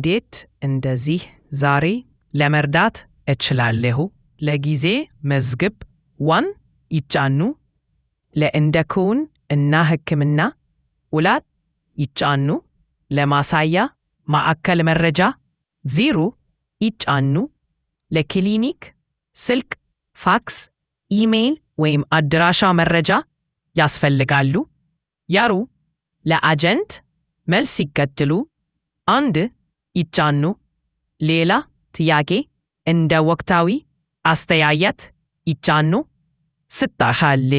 እንዴት እንደዚህ ዛሬ ለመርዳት እችላለሁ? ለጊዜ መዝግብ ዋን ይጫኑ ለእንደክውን እና ሕክምና ውላት ይጫኑ ለማሳያ ማዕከል መረጃ ዜሮ ይጫኑ ለክሊኒክ ስልክ፣ ፋክስ፣ ኢሜይል ወይም አድራሻ መረጃ ያስፈልጋሉ። ያሩ ለአጀንት መልስ ይከተሉ። አንድ ይጫኑ። ሌላ ጥያቄ እንደ ወቅታዊ አስተያየት ይጫኑ። ስታኻሌ